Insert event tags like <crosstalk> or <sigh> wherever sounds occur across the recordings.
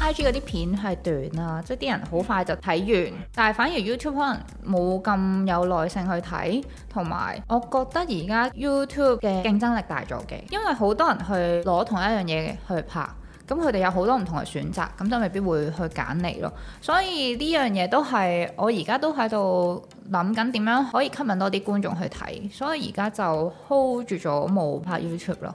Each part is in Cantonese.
IG 嗰啲片係短啊，即係啲人好快就睇完，但係反而 YouTube 可能冇咁有耐性去睇，同埋我覺得而家 YouTube 嘅競爭力大咗嘅，因為好多人去攞同一樣嘢去拍，咁佢哋有好多唔同嘅選擇，咁就未必會去揀你咯。所以呢樣嘢都係我而家都喺度諗緊點樣可以吸引多啲觀眾去睇，所以而家就 hold 住咗冇拍 YouTube 咯。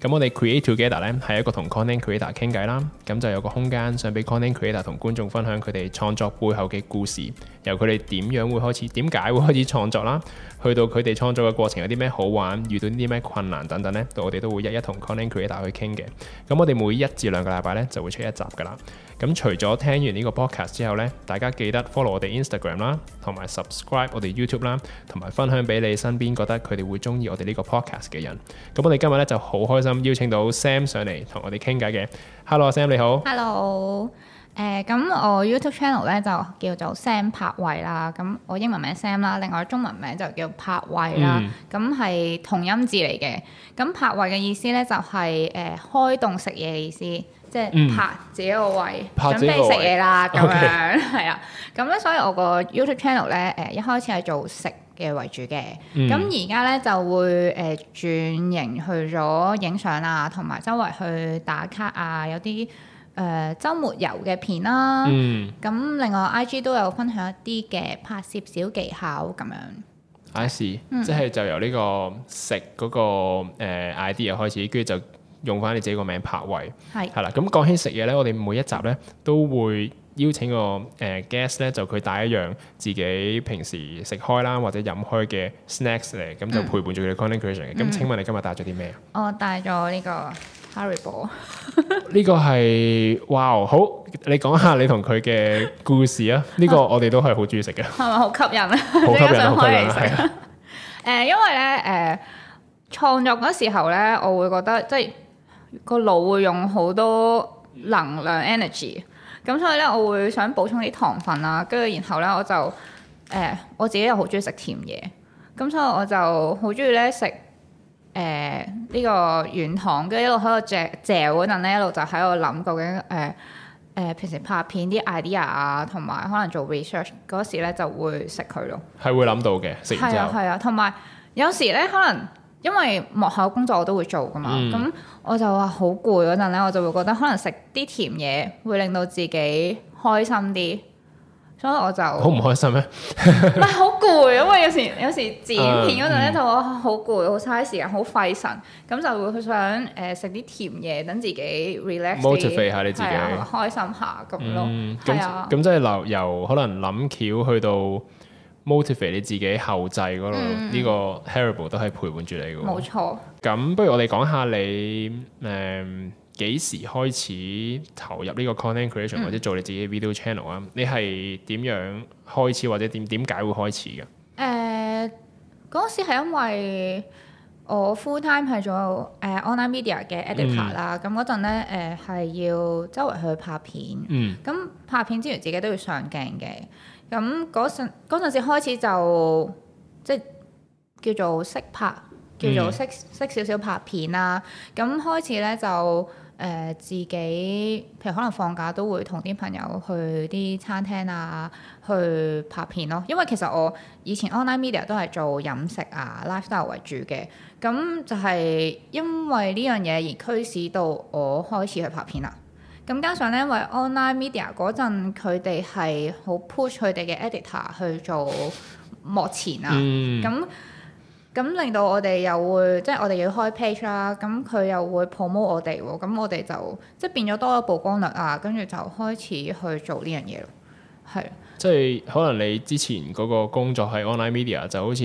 咁我哋 Creatogether 咧係一個同 Content Creator 傾偈啦，咁就有個空間想俾 Content Creator 同觀眾分享佢哋創作背後嘅故事，由佢哋點樣會開始，點解會開始創作啦，去到佢哋創作嘅過程有啲咩好玩，遇到啲咩困難等等咧，我哋都會一一同 Content Creator 去傾嘅。咁我哋每一至兩個禮拜咧就會出一集㗎啦。咁除咗聽完呢個 Podcast 之後咧，大家記得 follow 我哋 Instagram 啦，同埋 subscribe 我哋 YouTube 啦，同埋分享俾你身邊覺得佢哋會中意我哋呢個 Podcast 嘅人。咁我哋今日咧就好開心。咁邀請到 Sam 上嚟同我哋傾偈嘅，Hello Sam 你好，Hello，誒、呃、咁我 YouTube channel 咧就叫做 Sam 拍胃啦，咁我英文名 Sam 啦，另外中文名就叫拍胃啦，咁係、嗯、同音字嚟嘅，咁拍胃嘅意思咧就係、是、誒、呃、開動食嘢嘅意思，即係拍自己個胃，嗯、準備食嘢啦咁 okay 樣，係啊，咁咧所以我個 YouTube channel 咧誒、呃、一開始係做食。嘅為主嘅，咁而家咧就會誒、呃、轉型去咗影相啊，同埋周圍去打卡啊，有啲誒週末遊嘅片啦、啊。嗯，咁另外 IG 都有分享一啲嘅拍攝小技巧咁樣。I see、嗯、即係就由呢個食嗰、那個、呃、idea 開始，跟住就用翻你自己個名拍胃。係是，係啦。咁講起食嘢咧，我哋每一集咧都會，邀請個誒、呃、guest 咧，就佢帶一樣自己平時食開啦，或者飲開嘅 snacks 嚟，咁、嗯、就陪伴住佢 conversation 嘅。咁、嗯、請問你今日帶咗啲咩啊？我帶咗呢、這個 Haribo 呢個係哇！好，你講下你同佢嘅故事、這個、啊！呢個我哋都係好中意食嘅，係咪好吸引啊？好吸引啊！佢嚟食誒，因為咧誒、呃，創作嗰時候咧，我會覺得即係個腦會用好多能量 energy。咁所以咧，我會想補充啲糖分啦，跟住然後咧，我就誒、呃、我自己又好中意食甜嘢，咁所以我就好中意咧食誒呢個軟糖，跟住一路喺度嚼嚼嗰陣咧，一路就喺度諗究竟誒誒、呃呃、平時拍片啲 idea 啊，同埋可能做 research 嗰時咧就會食佢咯，係會諗到嘅，食完之後，係啊，同埋、啊、有，有時咧可能。因為幕後工作我都會做噶嘛，咁、嗯、我就話好攰嗰陣咧，我就會覺得可能食啲甜嘢會令到自己開心啲，所以我就好唔開心咩？唔係好攰，因為有時有時剪片嗰陣咧，就我好攰，好嘥時間，好費神，咁、嗯、就會想誒食啲甜嘢等自己 relax，motivate 下你自己，啊、開心下咁咯。係啊，咁即係由可能諗橋去到。motivate 你自己後製嗰度呢個 Haribo 都係陪伴住你嘅，冇錯。咁錯不如我哋講下你誒幾、呃、時開始投入呢個 content creation 或者做你自己 video channel 啊、嗯？你係點樣開始或者點點解會開始嘅？誒嗰陣時係因為我 full time 係做誒 online、呃、media 嘅 editor、嗯、啦。咁嗰陣咧，誒係要周圍去拍片。嗯。咁拍片之餘自己都要上鏡嘅。咁嗰陣嗰陣時開始就即係叫做識拍，叫做識、嗯、識少少拍片啦。咁開始呢，就、呃、誒自己，譬如可能放假都會同啲朋友去啲餐廳啊，去拍片咯。因為其實我以前 online media 都係做飲食啊 lifestyle 為主嘅，咁就係因為呢樣嘢而驅使到我開始去拍片啦。咁加上咧，因為 online media 嗰陣，佢哋係好 push 佢哋嘅 editor 去做幕前啊。咁咁、嗯、令到我哋又會，即係我哋要開 page 啦、啊。咁佢又會 promote 我哋喎、啊。咁我哋就即係變咗多咗曝光率啊。跟住就開始去做呢樣嘢咯。係，即係可能你之前嗰個工作係 online media，就好似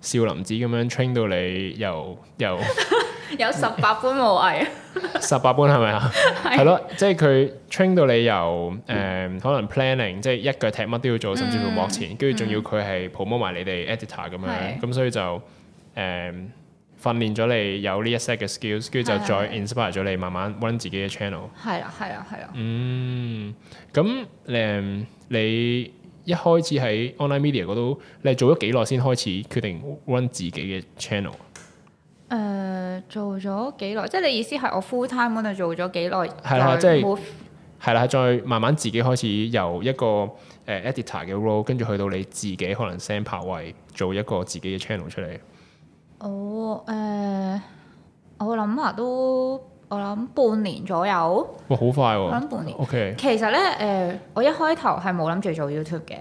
少林寺咁樣 train 到你，又又 <laughs> 有十八般武藝。 <laughs> <laughs> 十八般係咪啊？係咯 <laughs> <laughs> <laughs> 即係佢 train 到你由誒、呃、可能 planning，即係一腳踢乜都要做，嗯、甚至乎幕前，跟住仲要佢係 promote 埋你哋 editor 咁樣是，咁所以就誒、呃、訓練咗你有呢一 set 嘅 skills，跟住就再 inspire 咗你慢慢 run 自己嘅 channel。係啊，係啊，係啊。嗯，咁誒你，你一開始喺 online media 嗰度，你做咗幾耐先開始決定 run 自己嘅 channel？誒、呃、做咗幾耐？即係你意思係我 full time 嗰度做咗幾耐？係啦的，的即係冇係啦，再慢慢自己開始由一個誒、呃、editor 嘅 role 跟住去到你自己可能 send 牌位做一個自己嘅 channel 出嚟。哦，誒、呃，我諗下都我諗半年左右。哇，好快喎、啊！諗半年。O okay . K，其實咧，誒、呃，我一開頭係冇諗住做 YouTube 嘅。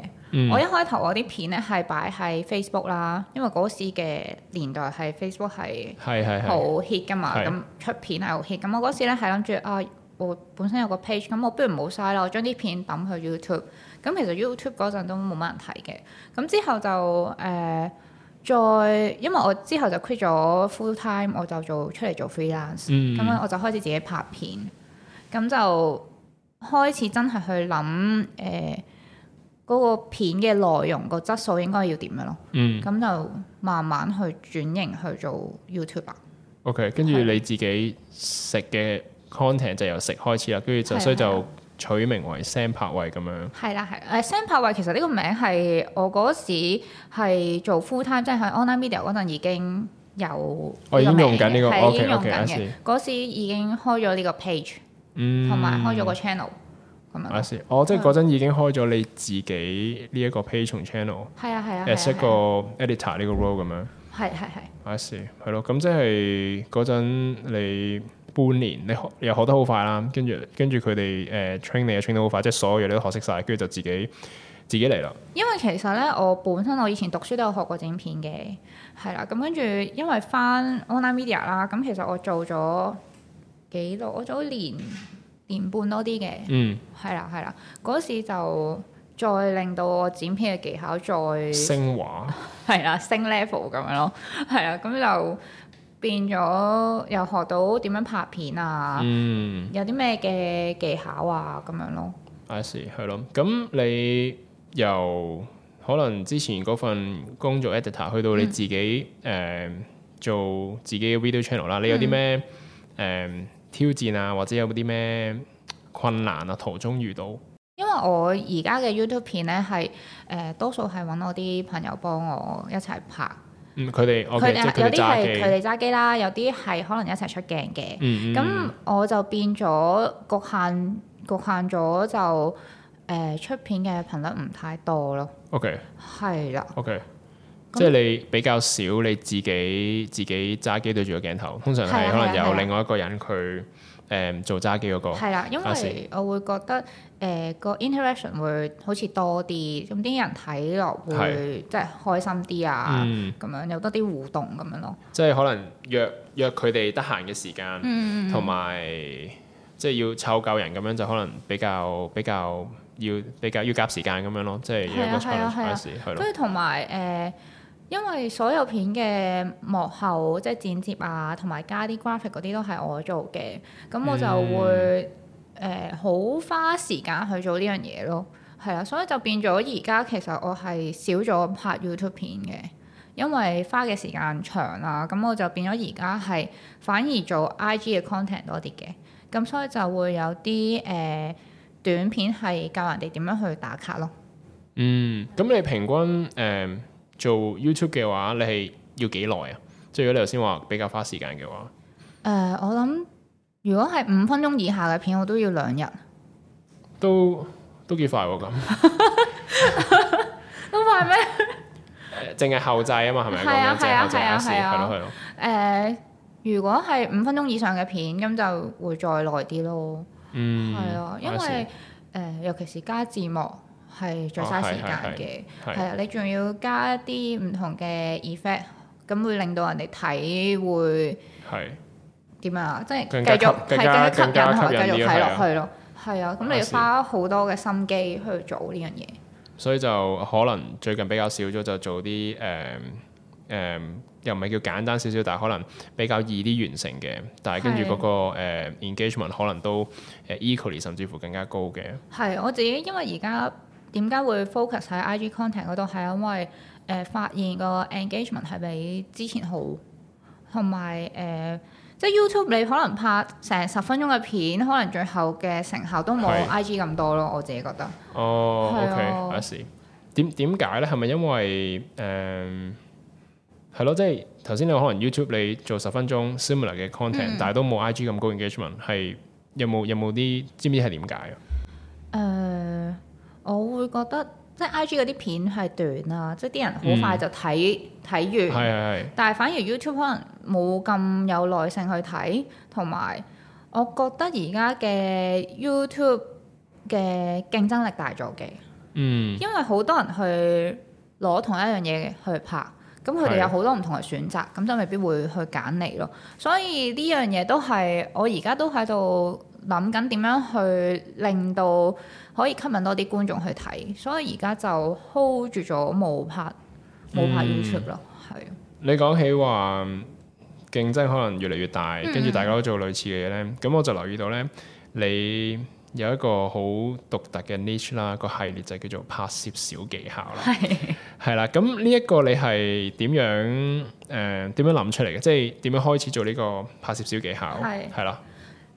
我一開頭我啲片咧係擺喺 Facebook 啦，因為嗰時嘅年代係 Facebook 係好 hit 噶嘛，咁出片係好 hit 是。咁我嗰時咧係諗住啊，我本身有個 page，咁我不如唔好嘥啦，我將啲片抌去 YouTube。咁其實 YouTube 嗰陣都冇乜人睇嘅。咁之後就誒、呃、再，因為我之後就 quit 咗 full time，我就做出嚟做 freelance、嗯。咁樣我就開始自己拍片，咁就開始真係去諗誒。呃嗰個片嘅內容個質素應該要點樣咯？嗯，咁就慢慢去轉型去做 YouTuber。OK，跟住你自己食嘅 content 就由食開始啦，跟住就所以就取名為 Sam 拍胃咁樣。係啦，係。誒，Sam 拍胃其實呢個名係我嗰時係做 full time，即係喺 online media 嗰陣已經有。我、哦、已經用緊呢、呢個，我已經用緊嘅。嗰、okay, okay, 時已經開咗呢個 page，同埋開咗個 channel、嗯。我即係嗰陣已經開咗你自己呢一個 page 同 channel，係啊係啊，係一個 editor 呢個 role 咁樣。係係係。I see，係咯，咁即係嗰陣你半年，你學又學得好快啦，跟住跟住佢哋誒 train 你，train 得好快，即係所有嘢你都學識晒。跟住就自己自己嚟啦。因為其實咧，我本身我以前讀書都有學過整片嘅，係啦，咁跟住因為翻 online media 啦，咁其實我做咗幾耐？我早年。年半多啲嘅，嗯，係啦係啦，嗰時就再令到我剪片嘅技巧再升華華，係啦 <laughs> 升 level 咁樣咯，係啦，咁就變咗又學到點樣拍片啊，嗯，有啲咩嘅技巧啊咁樣咯，I see，係咯，咁你由可能之前嗰份工作 editor 去到你自己誒、嗯呃、做自己嘅 video channel 啦，你有啲咩誒？嗯呃挑戰啊，或者有冇啲咩困難啊，途中遇到。因為我而家嘅 YouTube 片咧，係誒、呃、多數係搵我啲朋友幫我一齊拍。嗯，佢哋，佢、okay，哋有啲係佢哋揸機啦，有啲係可能一齊出鏡嘅。嗯咁、嗯、我就變咗局限侷限咗，就、呃、誒出片嘅頻率唔太多咯。OK。係啦。OK。即係你比較少你自己自己揸機對住個鏡頭，通常係可能有另外一個人佢誒、嗯、做揸機嗰個。係啦，因為我會覺得誒、呃、個 interaction 會好似多啲，咁啲人睇落會的即係開心啲啊，咁、嗯、樣有多啲互動咁樣咯。即係可能約約佢哋得閒嘅時間，同埋即係要湊夠人咁樣就可能比較比較要比較要夾時間咁樣咯。即係一個 challenge 嘅事係咯。跟住同埋誒。了因為所有片嘅幕後即係剪接啊，同埋加啲 graphic 嗰啲都係我做嘅，咁我就會誒好、嗯呃、花時間去做呢樣嘢咯。係啦，所以就變咗而家其實我係少咗拍 YouTube 片嘅，因為花嘅時間長啦。咁我就變咗而家係反而做 IG 嘅 content 多啲嘅，咁所以就會有啲誒、呃、短片係教人哋點樣去打卡咯。嗯，咁你平均誒，嗯做 YouTube 嘅話，你係要幾耐啊？即係如果你頭先話比較花時間嘅話，誒、呃，我諗如果係五分鐘以下嘅片，我都要兩日，都都幾快喎、啊、咁，都快咩？誒，淨係後製啊嘛，係咪？ <laughs> 係啊係啊係啊係啊係啊。誒、啊啊啊啊啊啊呃，如果係五分鐘以上嘅片，咁就會再耐啲咯。嗯，係啊，因為誒、呃，尤其是加字幕。係再嘥時間嘅，係啊、哦！你仲要加一啲唔同嘅 effect，咁會令到人哋睇會點啊？即係繼續係更，加更加吸引同埋繼續睇落去咯。係啊的，咁你要花好多嘅心機去做呢樣嘢。所以就可能最近比較少咗，就做啲誒誒，又唔係叫簡單少少，但係可能比較易啲完成嘅。但係跟住嗰個的、呃、engagement 可能都、呃、equally 甚至乎更加高嘅。係我自己因為而家。點解會 focus 喺 IG content 嗰度？係因為誒、呃、發現個 engagement 係比之前好，同埋誒即係 YouTube 你可能拍成十分鐘嘅片，可能最後嘅成效都冇 IG 咁多咯。我自己覺得。哦、啊、OK，我試。點點解咧？係咪因為誒係咯？即係頭先你可能 YouTube 你做十分鐘 similar 嘅 content，嗯、但係都冇 IG 咁高 engagement，係有冇有冇啲知唔知係點解啊？誒、呃。我會覺得即係 IG 嗰啲片係短啊，即係啲人好快就睇睇、嗯、完。係係係，但係反而 YouTube 可能冇咁有耐性去睇，同埋我覺得而家嘅 YouTube 嘅競爭力大咗嘅。嗯、因為好多人去攞同一樣嘢去拍，咁佢哋有好多唔同嘅選擇，咁是的 就未必會去揀你咯。所以呢樣嘢都係我而家都喺度。諗緊點樣去令到可以吸引多啲觀眾去睇，所以而家就 hold 住咗冇拍冇、嗯、拍 YouTube 咯，係。你講起話競爭可能越嚟越大，跟住大家都做類似嘅嘢咧，咁、嗯、我就留意到咧，你有一個好獨特嘅 niche 啦，個系列就叫做拍攝小技巧是啦，係係啦。咁呢一個你係點樣誒點、呃、樣諗出嚟嘅？即係點樣開始做呢個拍攝小技巧？係係是啦。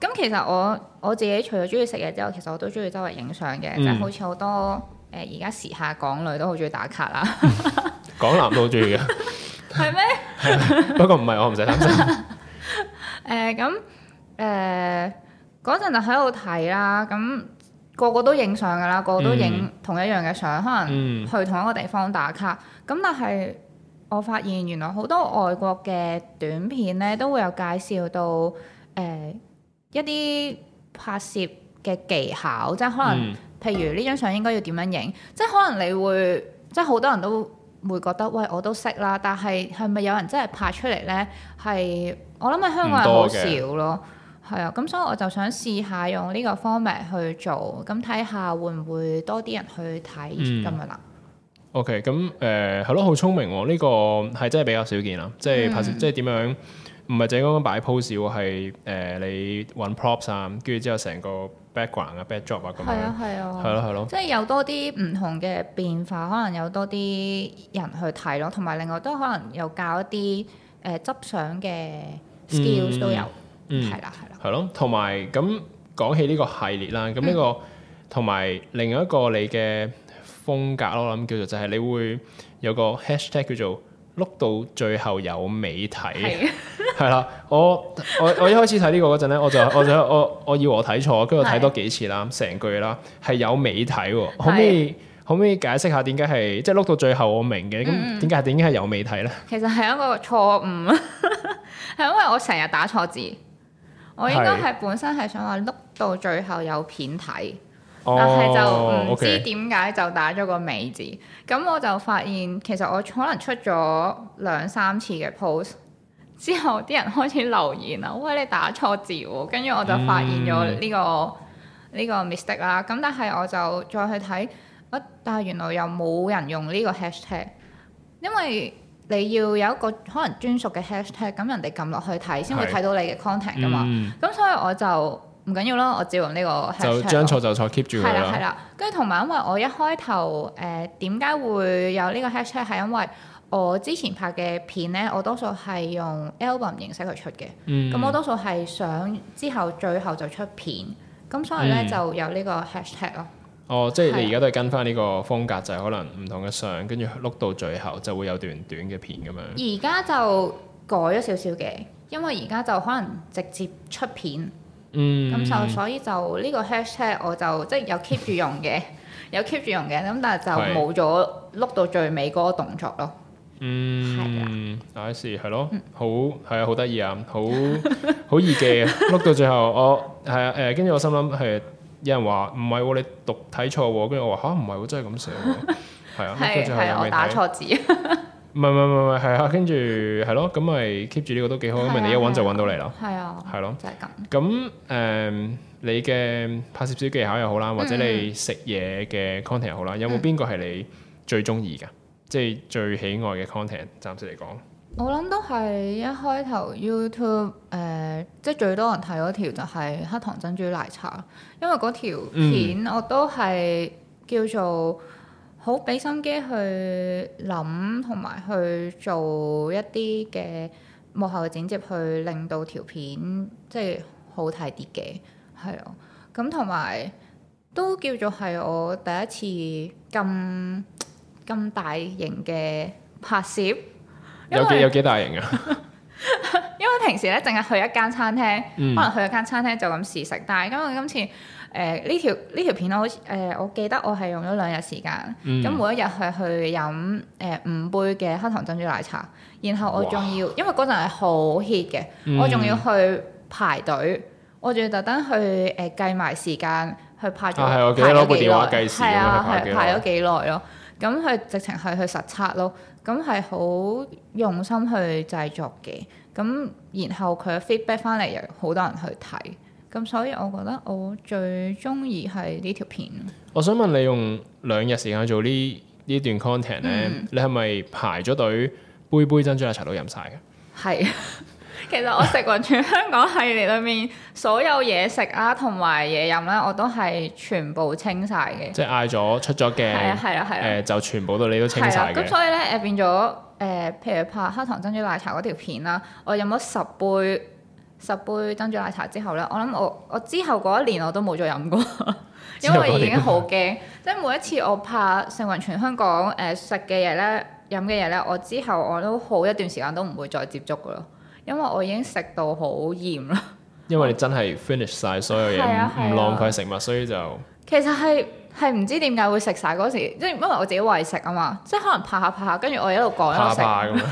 咁其實我我自己除咗中意食嘢之外，其實我都中意周圍影相嘅，即係、嗯、好似好多誒而家時下港女都好中意打卡啦，港男都好中意嘅，係 <laughs> 咩、 <laughs> 呃？不過唔係，我唔使擔心。誒咁誒嗰陣就喺度睇啦，咁、咁個個都影相㗎啦，個個都影同一樣嘅相，嗯、可能去同一個地方打卡。咁但係我發現原來好多外國嘅短片咧都會有介紹到誒。呃一啲拍攝嘅技巧，即係可能，譬如呢張相應該要點樣影，嗯、即係可能你會，即係好多人都會覺得，喂，我都識啦，但係係咪有人真係拍出嚟咧？係我諗喺香港人好少咯，係啊，咁所以我就想試下用呢個 format 去做，咁睇下會唔會多啲人去睇咁樣啦。嗯、麼 OK，咁誒，係咯，好聰明，呢個係真係比較少見啦，即係拍攝，即係點樣。唔係凈係講講擺 pose 喎，係、呃、你揾 props 啊，跟住之後成個 background 啊、backdrop 啊咁樣，係啊係啊，係咯係咯，啊啊、即係有多啲唔同嘅變化，可能有多啲人去睇咯，同埋另外都可能有教一啲誒、呃、執相嘅 skills、嗯、都有，嗯，係啦係啦，係咯、嗯，同埋咁講起呢個系列啦，咁呢、呢個同埋、嗯、另外一個你嘅風格咯，我諗叫做就係你會有個 hashtag 叫做碌到最後有尾睇。 <laughs> <laughs> 係啦，我我我一開始睇呢個嗰陣咧，我就我就我我以為我睇錯，跟住我睇多幾次啦，成的句啦係有美睇，的可唔可以？可唔可以解釋下點解係？即係碌到最後我明嘅，咁點解點解係有美睇咧？其實係一個錯誤啊，係 <laughs> 因為我成日打錯字，我應該係本身係想話碌到最後有片睇，的但係就唔知點解就打咗個美字，咁、哦 okay、我就發現其實我可能出咗兩三次嘅 post 之後啲人開始留言啦，喂你打錯字喎，跟住我就發現咗呢、呢個呢、嗯、個 mistake 啦。咁但係我就再去睇，但係原來又冇人用呢個 hashtag，因為你要有一個可能專屬嘅 hashtag，咁人哋撳落去睇先會睇到你嘅 content 噶嘛。咁、嗯、所以我就唔緊要啦，我照用呢個 hashtag，就將錯就錯 keep 住係啦係啦。跟住同埋因為我一開頭誒點解會有呢個 hashtag 係因為。我之前拍嘅片咧，我多數係用 album 形式去出嘅，咁、嗯、我多數係想之後最後就出片，咁所以咧、嗯、就有呢個 hashtag 咯。哦，即係你而家都係跟翻呢個風格，就係、是、可能唔同嘅相，跟住碌到最後就會有段短嘅片咁樣。而家就改咗少少嘅，因為而家就可能直接出片，咁就、嗯、所以就呢個 hashtag 我就即係、就是、有 keep 住用嘅，有 keep 住用嘅，咁但係就冇咗碌到最尾嗰個動作咯。嗯，第一時係咯，好，係啊，好得意啊，好好易記啊碌到最後我，係啊，誒，跟住我心諗係，有人話唔係喎，你讀睇錯喎，跟住我話嚇，唔係喎，真係咁寫喎，係啊，係啊，我打錯字，唔係唔係唔係，係啊，跟住係咯，咁咪 keep 住呢個都幾好，因為你一揾就揾到你囉，係啊，係咯，就係咁，咁誒，你嘅拍攝小技巧又好啦，或者你食嘢嘅 content 又好啦，有冇邊個係你最中意噶？即係最喜愛嘅 content，暫時嚟講，我諗都係一開頭 YouTube 誒、呃，即係最多人睇嗰條就係黑糖珍珠奶茶，因為嗰條片我都係叫做好俾心機去諗同埋去做一啲嘅幕後剪接，去令到條片即係好睇啲嘅，係咯。咁同埋都叫做係我第一次咁。咁大型嘅拍攝，有幾有幾大型啊？ <laughs> 因為平時咧淨係去一間餐廳，嗯、可能去一間餐廳就咁試食。但係因為今次誒呢、呃、條呢條片咧，好似誒我記得我係用咗兩日時間。咁、嗯、每一日係去飲誒、呃、五杯嘅黑糖珍珠奶茶，然後我仲要哇因為嗰陣係好 hit 嘅，嗯、我仲要去排隊，我仲要特登去誒、呃、計埋時間去拍。係、啊，我記得攞部電話計時，係啊，排咗幾耐咯。 <laughs> 咁佢直情係去實測咯，咁係好用心去製作嘅，咁然後佢嘅 feedback 翻嚟又好多人去睇，咁所以我覺得我最中意係呢條片。我想問你用兩日時間做呢呢段 content 咧，嗯、你係咪排咗隊杯杯珍珠奶茶都飲晒？嘅是的？係。 <laughs> 其實我食勻全香港系列裏面所有嘢食啊，同埋嘢飲咧，我都係全部清晒嘅。即係嗌咗出咗鏡，係啊係啊，誒、啊啊呃、就全部都你都清晒，啊。咁所以咧誒變咗誒、呃，譬如拍黑糖珍珠奶茶嗰條片啦，我飲咗十杯十杯珍珠奶茶之後咧，我諗我我之後嗰一年我都冇再飲過，因為已經好驚。即係每一次我拍食勻全香港誒食嘅嘢咧、飲嘅嘢咧，我之後我都好一段時間都唔會再接觸噶咯。因為我已經食到好厭啦。因為你真係 finish 曬所有嘢，唔浪費食物，所以就其實係係唔知點解會食晒嗰時，即係因為我自己為食啊嘛，即係可能拍下拍下，跟住我一路講拍下拍下咁啊，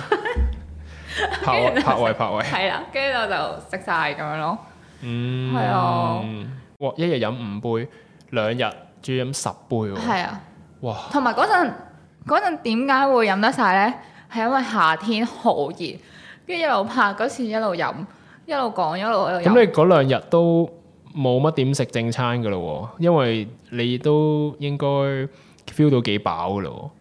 拍胃拍胃，胃，係啦，跟住我就食晒咁樣咯。嗯，係啊，哇！一日飲五杯，兩日仲要飲十杯喎。係啊，哇！同埋嗰陣嗰陣點解會飲得晒咧？係因為夏天好熱。跟住一路拍嗰次，一路飲，一路講，一路一路飲。咁你嗰兩日都冇乜點食正餐嘅咯喎，因為你都應該 feel 到幾飽嘅咯。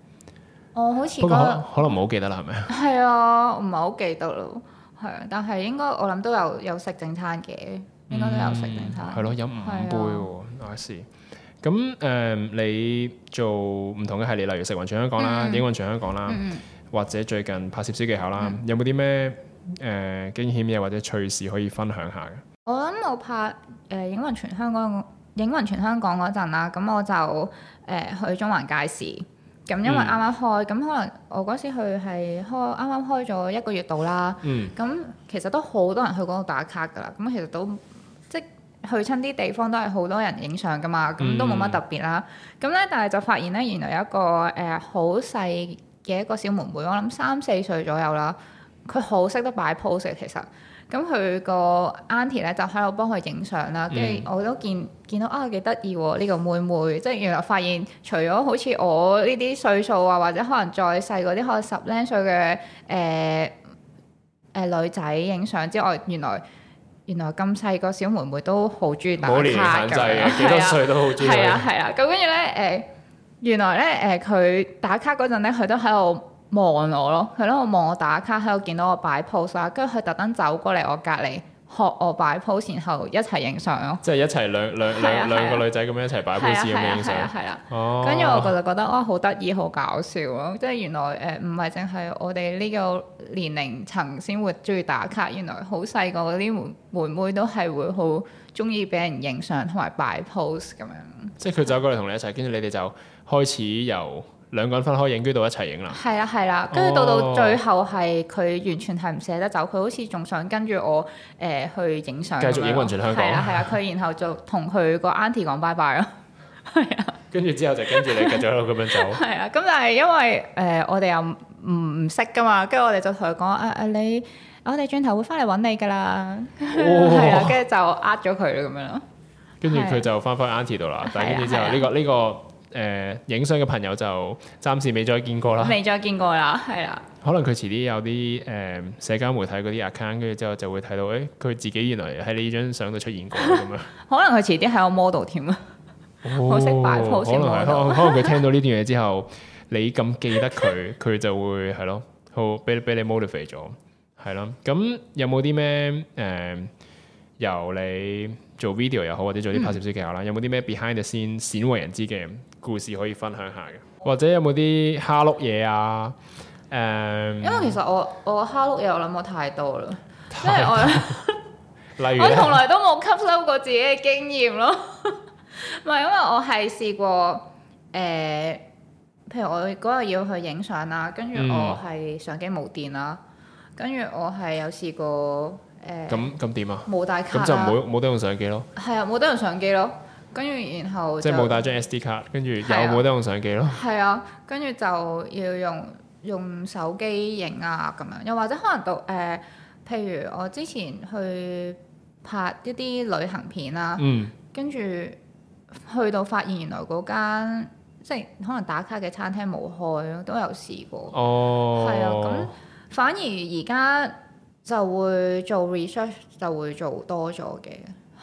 我好似覺得可能唔係好記得啦，係咪啊？係啊，唔係好記得咯，係，但係應該我諗都有有食正餐嘅，應該都有食正餐。係咯、嗯，飲、啊、五杯喎，I see。咁誒、啊啊啊呃，你做唔同嘅系列，例如食勻全香港啦，嗯嗯影勻全香港啦。嗯嗯或者最近拍攝小技巧啦，嗯、有冇啲咩誒驚險嘢或者趣事可以分享下嘅？我諗我拍誒影勻全香港、影勻全香港嗰陣啦，咁我就誒、呃、去中環街市，咁因為啱啱開，咁、嗯、可能我嗰時去係開啱啱開咗一個月度啦，咁、嗯、其實都好多人去嗰度打卡㗎啦，咁其實都即去親啲地方都係好多人影相㗎嘛，咁都冇乜特別啦。咁咧、嗯，但係就發現咧，原來有一個誒好細、呃嘅一個小妹妹，我諗三四歲左右啦，佢好識得擺 pose 嘅，其實。咁佢個 uncle 咧就喺度幫佢影相啦，跟住我都見見到啊幾得意喎呢個妹妹，即係原來發現除咗好似我呢啲歲數啊，或者可能再細嗰啲可能十零歲嘅誒誒女仔影相之外，原來原來咁細個小妹妹都好中意打卡嘅，幾多歲都好中意。係啊係啊，咁跟住咧誒。原來咧，誒、呃、佢打卡嗰陣咧，佢都喺度望我咯，佢都喺度望我打卡，喺度見到我擺 pose 啊，跟住佢特登走過嚟我隔離學我擺 pose，然後一齊影相咯。即係一齊兩兩兩兩個女仔咁樣一齊擺 pose，一齊影相。係啊跟住、啊啊啊、我就覺得哇，好、哦、得意，好、哦、搞笑咯！即係原來誒唔係淨係我哋呢個年齡層先會中意打卡，原來好細個嗰啲妹妹都係會好中意俾人影相同埋擺 pose 咁樣。即係佢走過嚟同你一齊，跟住你哋就。開始由兩個人分開影機到一齊影啦，係啦係啦，跟住到到最後係佢完全係唔捨得走，佢好似仲想跟住我誒去影相，繼續影勻全香港係啦係啊，佢然後就同佢個 auntie 講 bye bye 咯，係啊，跟住之後就跟住你繼續喺度咁樣走，係啊，咁但係因為誒我哋又唔唔識噶嘛，跟住我哋就同佢講誒誒你，我哋轉頭會翻嚟揾你噶啦，係啊，跟住就呃咗佢咁樣咯，跟住佢就翻返 auntie 度啦，但係跟住之後呢個呢個。誒、嗯、影相嘅朋友就暫時未再見過啦，未再見過啦，係啦。可能佢遲啲有啲誒社交媒體嗰啲 account，跟住之後就會睇到，誒、哎、佢自己原來喺你呢張相度出現過咁樣。 <laughs> 可能佢遲啲喺我 model 添啊，好識擺 pose 可能 <laughs> 可能佢聽到呢啲嘢之後，你咁記得佢，佢 <laughs> 就會係咯，好俾俾你 modify 咗，係咯。咁有冇啲咩誒由你？由你做 video 又好，或者做啲拍攝技巧啦，嗯、有冇啲咩 behind the scene，鮮為人知嘅故事可以分享下嘅？或者有冇啲哈碌嘢啊？誒、um，因為其實我我哈碌嘢我諗過太多啦，因為我， <laughs> 例如呢我從來都冇吸收過自己嘅經驗咯，唔 <laughs> 係因為我係試過誒、呃，譬如我嗰日要去影相啦，跟住我係相機冇電啦，跟住、嗯、我係有試過。誒咁咁點啊？冇帶卡，啊，咁就冇冇得用相機咯。係啊，冇得用相機咯。跟住然後即係冇帶張 SD 卡，跟住又冇得用相機咯。係啊，跟住、啊、就要用用手機影啊咁樣，又或者可能讀誒、呃，譬如我之前去拍一啲旅行片啦，跟住、嗯、去到發現原來嗰間即係可能打卡嘅餐廳冇開咯，都有試過。哦，係啊，咁反而而家，就會做 research，就會做多咗嘅，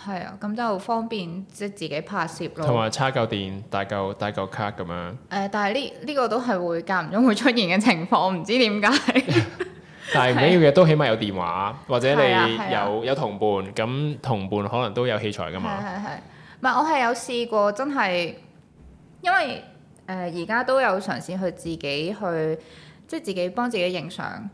係啊，咁就方便即自己拍攝咯。同埋叉夠電、帶夠帶夠卡咁樣。誒、呃，但係呢呢個都係會間唔中會出現嘅情況，唔知點解。 <laughs> 但係唔緊要嘅，的都起碼有電話，或者你有有同伴，咁同伴可能都有器材㗎嘛。係係。唔係，我係有試過真係，因為誒而家都有嘗試去自己去，即係自己幫自己影相。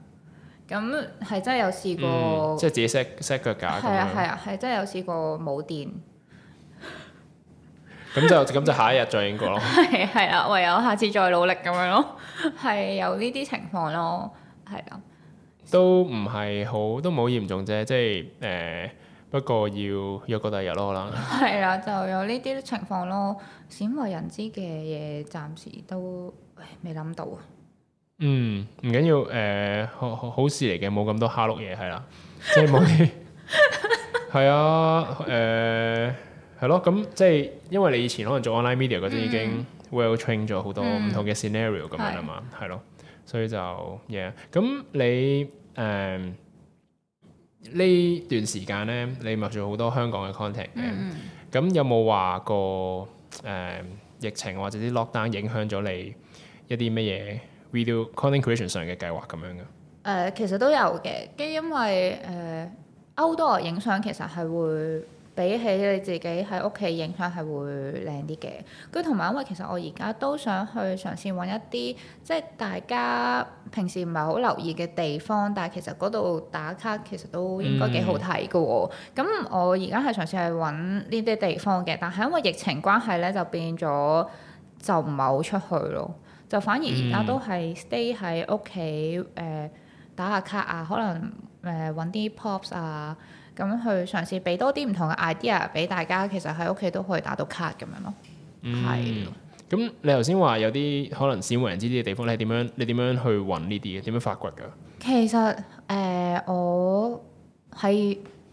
咁係真係有試過，即係、嗯就是、自己 set set 腳架咁樣，係啊係啊，係真係有試過冇電。咁 <laughs> 就咁就下一日再影過咯。係係啦，唯有下次再努力咁樣咯。係 <laughs> 有呢啲情況咯，係啊，都唔係好，都冇嚴重啫。即係誒、呃，不過要約個第二日咯，可能。係 <laughs> 啦、啊，就有呢啲情況咯。鮮為人知嘅嘢，暫時都未諗到。嗯，唔緊要，誒、呃、好好，好事嚟嘅，冇咁多蝦碌嘢係啦，即係冇，係 <laughs> <laughs> 啊，誒係咯，咁即係因為你以前可能做 online media 嗰啲、嗯、已經 well trained 咗好多唔同嘅 scenario 咁樣啊、嗯、嘛，係咯，所以就嘢咁的你誒呢、呃、段時間咧，你咪做好多香港嘅 content 嘅、嗯嗯，咁有冇話過誒、呃、疫情或者啲 lockdown 影響咗你一啲乜嘢？Video content creation 上嘅計劃咁樣嘅、呃，誒其實都有嘅，跟住因為誒、呃、歐多我影相其實係會比起你自己喺屋企影相係會靚啲嘅，跟住同埋因為其實我而家都想去嘗試揾一啲即係大家平時唔係好留意嘅地方，但係其實嗰度打卡其實都應該幾好睇㗎喎。咁、嗯、我而家係嘗試去揾呢啲地方嘅，但係因為疫情關係咧，就變咗就唔係好出去咯。就反而而家都係 stay 喺屋企誒打下卡啊，可能誒揾啲 pops 啊，咁去嘗試俾多啲唔同嘅 idea 俾大家，其實喺屋企都可以打到卡 a 咁樣咯。係、嗯。咁是、嗯、你頭先話有啲可能少人知啲嘅地方，你點樣你點樣去揾呢啲嘅？點樣發掘㗎？其實誒、呃，我係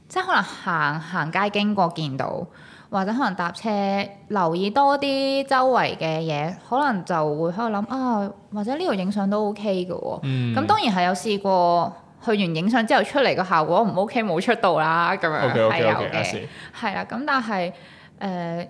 即係可能行行街經過見到。或者可能搭車，留意多啲周圍嘅嘢，可能就會喺度諗啊，或者呢度影相都 OK 嘅喎。哦。咁、嗯、當然係有試過，去完影相之後出嚟個效果唔 OK，冇出到啦咁樣係 Okay, okay, 有嘅。係啦、okay, okay，咁但係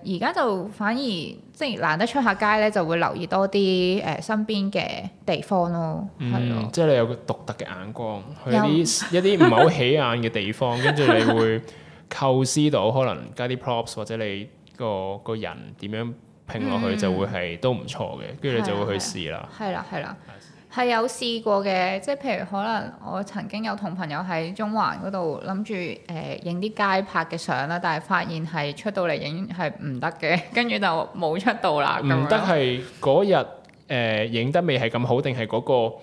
誒而家就反而即係、就是、難得出下街咧，就會留意多啲誒身邊嘅地方咯。係啊、嗯，的即係你有個獨特嘅眼光，去啲一啲唔係好起眼嘅地方，跟住你會。 <laughs> 構思到可能加啲 props 或者你個個人點樣拼落去就會係都唔錯嘅，跟住你就會去試啦、啊。係啦、啊，係啦、啊，係、啊啊、有試過嘅。即係譬如可能我曾經有同朋友喺中環嗰度諗住誒影啲街拍嘅相啦，但係發現係出到嚟影係唔得嘅，跟住就冇出到啦。唔得係嗰日誒影得未係咁好，定係嗰個嗰、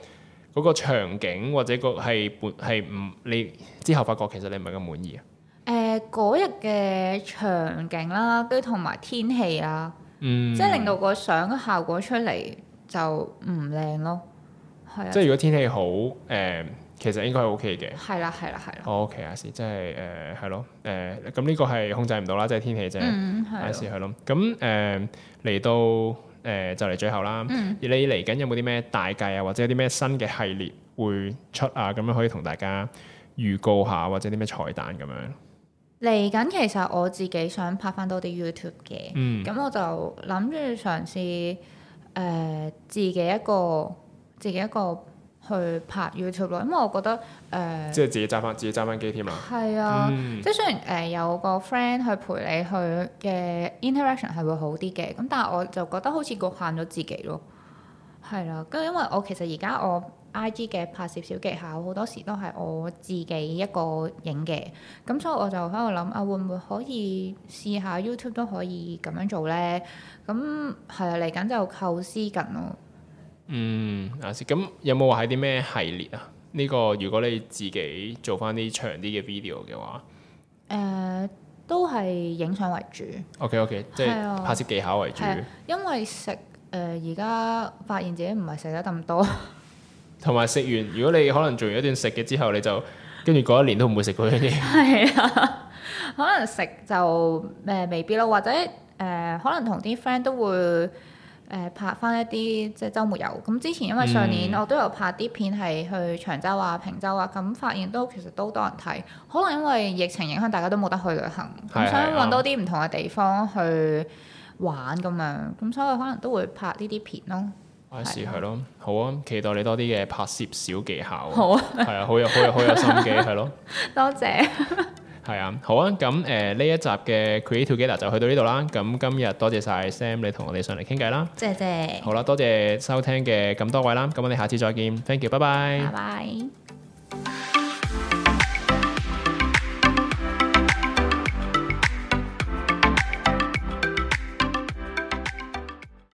嗰個嗰個場景或者個係本係唔你之後發覺其實你唔係咁滿意啊？嗰日嘅場景啦，跟住同埋天氣啊，嗯、即係令到個相嘅效果出嚟就唔靚咯。啊、即係如果天氣好，誒、呃、其實應該係 O K 嘅。係啦、啊，係啦、啊，係啦、啊。O K，阿 Sir 即係誒係咯，誒咁呢個係控制唔到啦，即係天氣啫。阿 Sir 係咯，咁誒嚟到誒、呃、就嚟最後啦。而、嗯、你嚟緊有冇啲咩大計啊，或者有啲咩新嘅系列會出啊？咁樣可以同大家預告下，或者啲咩彩蛋咁樣。嚟緊其實我自己想拍翻多啲 YouTube 嘅，咁、嗯、我就諗住嘗試誒、呃、自己一個自己一個去拍 YouTube 咯，因為我覺得誒，呃、即係自己揸翻自己揸翻機添啦！係啊、嗯，即係雖然誒、呃、有個 friend 去陪你去嘅 interaction 係會好啲嘅，咁但係我就覺得好似局限咗自己咯，係啦、啊，跟住因為我其實而家我，I.G 嘅拍攝小技巧好多時都係我自己一個影嘅，咁所以我就喺度諗啊，會唔會可以試下 YouTube 都可以咁樣做咧？咁係啊，嚟緊就構思緊咯。嗯，咁有冇話係啲咩系列啊？呢、這個如果你自己做翻啲長啲嘅 video 嘅話，誒、呃、都係影相為主。O.K.O.K.、Okay, okay, 即係拍攝技巧為主。啊呃、因為食誒而家發現自己唔係食得咁多。 <laughs> 同埋食完，如果你可能做完一段食嘅之後，你就跟住過一年都唔會食嗰樣嘢。係啊，可能食就誒、呃、未必咯，或者誒、呃、可能同啲 friend 都會誒、呃、拍翻一啲即係週末遊。咁之前因為上年、嗯、我都有拍啲片係去長洲啊、平洲啊，咁發現都其實都好多人睇。可能因為疫情影響，大家都冇得去旅行，咁想揾多啲唔同嘅地方去玩咁樣，咁所以可能都會拍呢啲片咯。係係咯，好啊，期待你多啲嘅拍攝小技巧。好啊，係啊，好有好有好有心機，係咯。多謝。係啊，好啊，咁誒呢一集嘅 Creatogether 就去到呢度啦。咁今日多謝晒 Sam 你同我哋上嚟傾偈啦。謝謝。好啦，啊，多謝收聽嘅咁多位啦。咁我哋下次再見。Thank you，拜拜。拜拜。